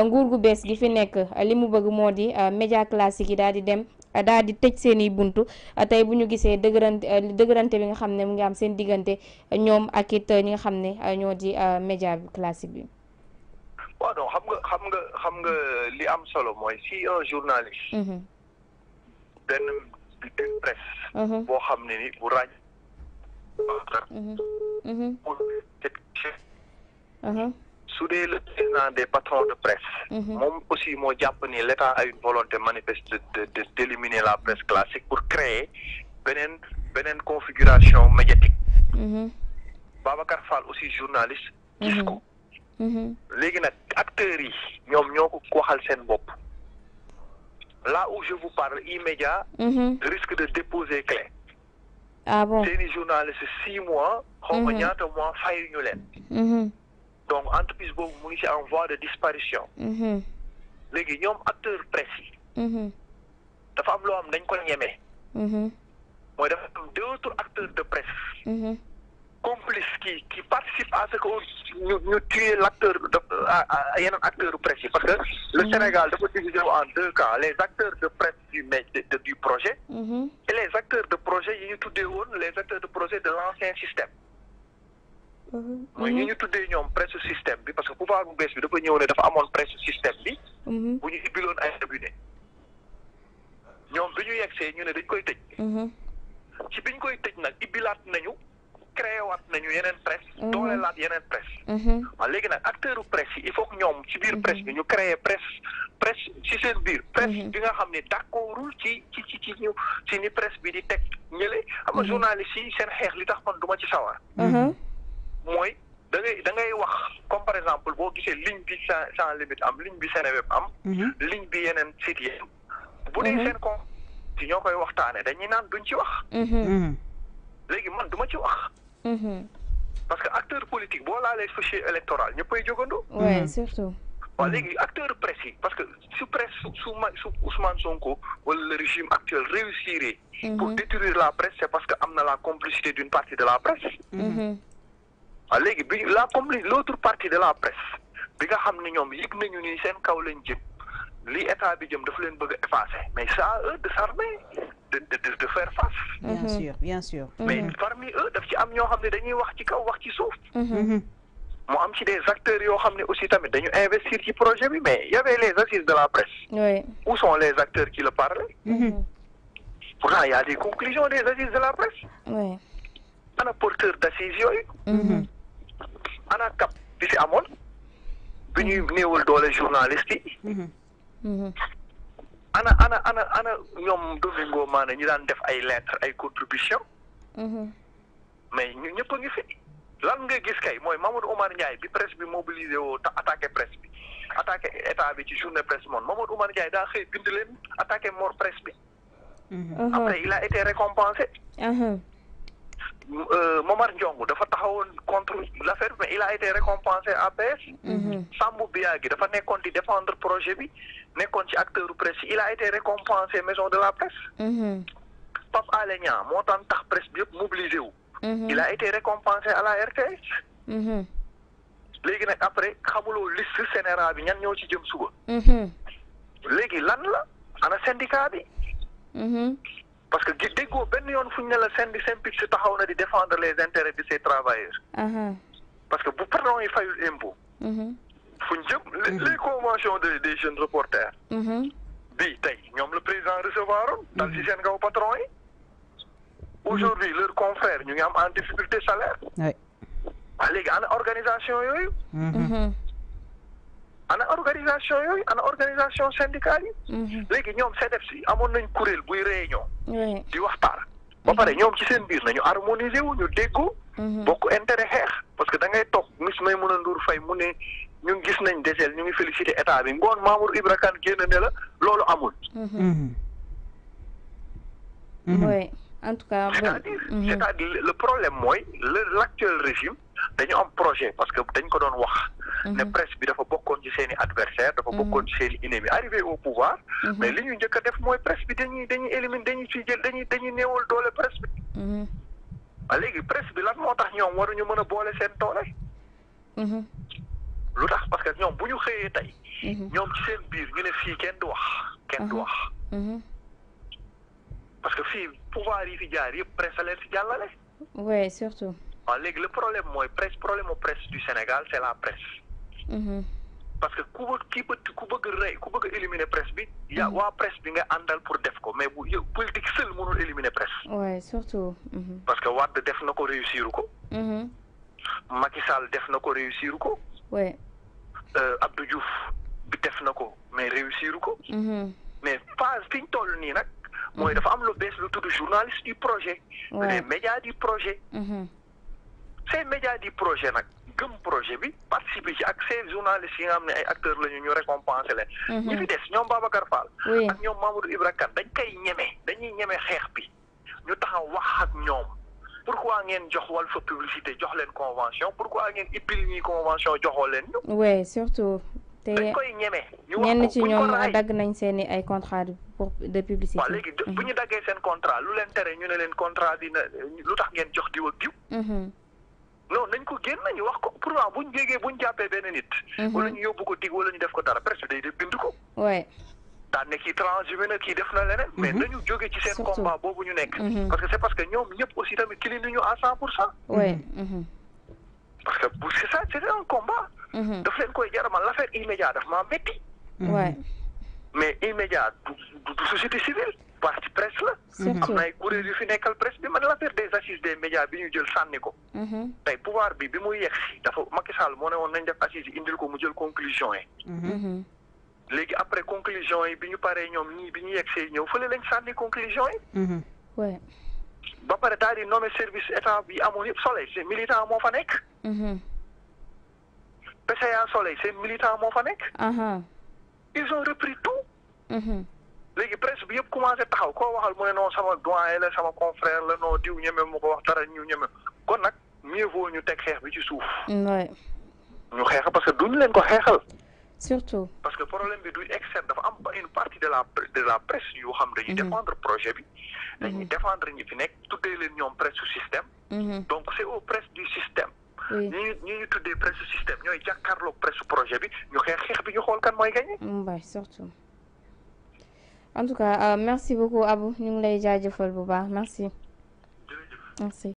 nguur gu bees gi fi nekk li mu bëgg moo di euh, média classique yi daal di dem daal di tëj seen i buntu tey bu ñu gisee dëgërante dëgërante bi nga xam ne mu ngi am seen diggante ñoom ak it ñi nga xam ne euh, ñoo di euh, média classique bi. waaw xam nga xam am solo mhm. mhm. boo xam ne ni bu ràññ. Mhm. su le président des patrons de presse. Mhm. moom aussi moo jàpp ni a une volonté manifeste de la presse classique pour créer une beneen configuration médiatique. Mhm. Babacar Fall aussi journaliste. Mhm. gis ko. léegi nag acteurs yi ñoom ñoo ko waxal seen bopp. là où je vous parle immédiat. risque de déposer clé. ah bon journaliste six mois. xaw ma ñaata mois fayuñu leen donc entreprise boobu mu ngi ci en voie de disparition. Mhm. léegi ñoom acteur presse yi. Mhm. dafa am loo am dañ ko ñeme. Mhm. mooy dafa am autres acteurs de presse. complices qui qui participent à ce que ñu ñu tuer l'acteur de yeneen acteur presse yi parce que. le Sénégal dafa divisé en deux cas les acteurs de presse du du projet. et les acteurs de projet yi ñu tuddee woon les acteurs de projet de l'ancien système. Mm-hmm. mooy ñi ñu tuddee ñoom presse système bi parce que pouvoir bu bees bi dafa ñëw ne dafa amoon presse système bi. Mm-hmm. bu ñu ibbiloon ay cabinet ñoom bi ñu yegsee ñu ne dañ koy tëj. Mm-hmm. ci biñ koy tëj nag ibilaat nañu créé waat nañu yeneen presse. dooleelaat yeneen presse. waaw léegi nag acteur presse yi il faut ñoom ci biir presse bi ñu créé presse presse ci seen biir. presse bi nga xam ne d'accordul ci ci ci ci ñu ci ni presse bi di teg ñële. xam nga journaliste yi seen xeex li tax man du ma ci sawar. mooy da ngay da ngay wax comme par exemple boo gisee ligne bi sans sans limite am ligne bi Seneweb am. Mhm. ligne bi yeneen site yi am. dee mhm. seen ko ci ñoo koy waxtaanee dañuy naan duñ ci wax. Mhm. léegi man duma ci wax. parce que acteur politique boo laalee fichier électoral ñëppay jógandoo. oui surtout. waaw léegi acteur presse yi parce que su presse su su ma su Ousmane Sonko wala le régime actuel réussiré. pour détruire la presse c'est parce que am na la complicité d'une partie de la presse. Ah, léegi bi la comme l'autre partie de la presse bi nga xamni ñom ñoom nañu ni sen kaw lañ jëm li état bi jëm daf leen bëgg effacer mais ça eux de s'armer de de de faire face. bien mhm. sûr bien sûr. Mhm. mais parmi eux daf ci am ño xamni dañuy wax ci kaw wax ci suuf. mo mhm. am ci des acteurs yo xamni aussi tamit dañu investir ci projet bi mais y avait les assises de la presse. oui où sont les acteurs qui le parlaient. pourtant y a des conclusions des assises de la presse. oui ana porteur d'assises yooyu. ana cap bi si amoon bi ñuy mhm. néewal doole journaliste yi mhm. Mhm. ana ana ana ñoom Domingo Mané ñu daan def ay lettre ay contribution mais ñu ñëpp a ngi fi lan nga gis kay mooy Mamadou Omar Ndiaye bi presse bi mobilisé woo te attaqué presse bi attaqué état bi ci journée presse moon Mamadou Omar Ndiaye daa xëy bind leen attaqué mort presse bi après il a été récompensé Eh, Momar Ndiongo dafa taxawon contre l'affaire mais il a été récompensé APS. Mhm. Sambou Biagi dafa nekkon di défendre projet bi nekkon ci acteur presse il a été récompensé maison de la presse. Mhm. Pape Alé Niang moo daan tax presse bi yëpp mobilisé wu. Mhm. il a été récompensé à la RTS. légui nak après xamulo liste général bi ñan ñoo ci jëm suba. légui lan la ana syndicat bi. parce que déggoo benn yoon fu ne la sendi simpic si taxaw na di défendre les intérêts de ses travailleurs uh-huh. parce que bu patron yi fayul impo. Uh-huh. fu jëm les conventions de des jeunes reporters uh-huh. ils tey le président recevoir dal ci seen kaw patron yi aujourd'hui leurs confrères ñu ngi am en difficulté salaire ils léegi en organisation yooyu ana organisation yooyu ana organisation syndicale yi. Mhm. léegi ñoom CDEPS si amoon nañ kuréel buy réunion. di waxtaan. ba mhm. pare ñoom ci seen biir nañu harmoniser wu ñu déggoo. Mhm. bokk intérêt xeex parce que da ngay toog Miss Maïmouna Ndour fay mu ne ñu gis nañ dégel ñu ngi félicité état bi ngoon Mamour Ibra Kane génn ne la loolu amul. oui en tout cas. c'est-à-dire c'est-à-dire le problème mooy le l'actuel régime. dañu am projet parce que dañ ko doon wax. Mhm. ne presse bi dafa bokkoon ci seen i adversaire dafa mhm. bokkoon ci seen i ennemi arrivé au pouvoir. Mhm. mais li ñu njëkk def mooy presse bi dañuy dañuy éliminer dañuy ciy jël dañuy dañuy néewal doole presse bi. ah léegi presse bi lan moo tax ñoom waruñu mën a boole seen doole. lu tax parce que ñoom bu ñu xëyee tey. ñoom seen biir ñu ne fii kenn du wax kenn du wax. parce que fii pouvoir yi fi jaar yëpp presse leen fi jàllale. oui surtout. waaw ah, le problème mooy presse problème mu presse du Sénégal c'est la presse. Mm-hmm. parce que qui peut ki bëgg ku bëgg rey ku bëgg éliminer presse bi. yaa mm-hmm. waa presse bi nga pour def ko mais vous politique seul mënul éliminer presse. Oui surtout. Mm-hmm. parce que Wade def na ko réussir ko. Macky Sall def na ko réussir ko. ouais euh, Abdou Diouf bi def na ko mais réussir ko. mais phase fi ni toll moi nag. mooy dafa am lu bees lu tudd journaliste du projet. les médias du projet ces médias du projet nak gëm projet bi participer ci ak ces journalistes yi nga xam ay acteurs lañu ñu ñu récompenser leen mhm. ñi fi dess ñom Babacar Fall ak ñom Mamadou Ibra dañ kay ñëmé dañuy ñëmé xex bi ñu taxaw wax ak ñom pourquoi ngeen jox wal fa publicité jox leen convention pourquoi ngeen ibbil ñuy convention joxoo leen ñu oui surtout te ñenn ci ñom dag nañ seen ay contrat de publicité. waaw léegi mhm. bu ñu daggee seen contrat lu leen téré ñu ne leen contrat dina lutax ngeen jox diw ak diw. Mhm. non nañ ko génn ñu wax ko pour bu pourtant buñ jégee buñ jàppee benn nit. Mhm. wala ñu yóbbu ko dig wala ñu def ko dara presque day def bind ko. daan ne kii transhumé na kii def na leneen. Mhm. mais ñu jóge ci seen combat boobu ñu nekk. Mhm. parce que c'est parce que ñoom ñëpp aussi tamit kiliñu ñu à cent pour cent. parce que bu c'est ça c'est un combat. daf leen koy jaramal l'affaire immédiat daf maa métti. mais immédiat du du société civile. parti presse la. am na ay kuréel yu fi nekkal presse bi man l' affaire des assises des médias bi ñu jël sànni ko. tey pouvoir bi bi muy yegg si dafa Macky Sall moo ne woon nañ def assises indil ko mu jël conclusion yi. Mm-hmm. Mm-hmm. léegi après conclusion yi bi ñu paree ñoom ñii bi ñu yegg ñëw fële lañ sànni conclusion yi. ba pare daal di nommé service état bi amoon yëpp soleil seen militant moo fa nekk. PCA soleil seen militant moo fa nekk. ils ont repris tout. léegi presse bi yëpp commencé taxaw koo waxal mu ne non sama doyen la sama confrère la non diw ñeme mu ko wax dara ñu ñeme kon nag mieux vaut ñu teg xeex bi ci suuf. ñu xeex parce que duñ leen ko xeexal. surtout parce que problème bi du externe dafa am une partie de la de la presse yoo xam dañuy mhm. défendre projet bi. Mhm. dañuy défendre ñi fi nekk tuddee leen ñoom presse su système. Mhm. donc c'est au presse du système. ñi ñu ñi ñu tuddee presse su système ñooy jàkkaarloog presse projet bi ñu xeex xeex bi ñu xool kan mooy gagné. en tout cas euh, merci beaucoup Abou ñu ngi lay jaajëfal bu baax merci. merci.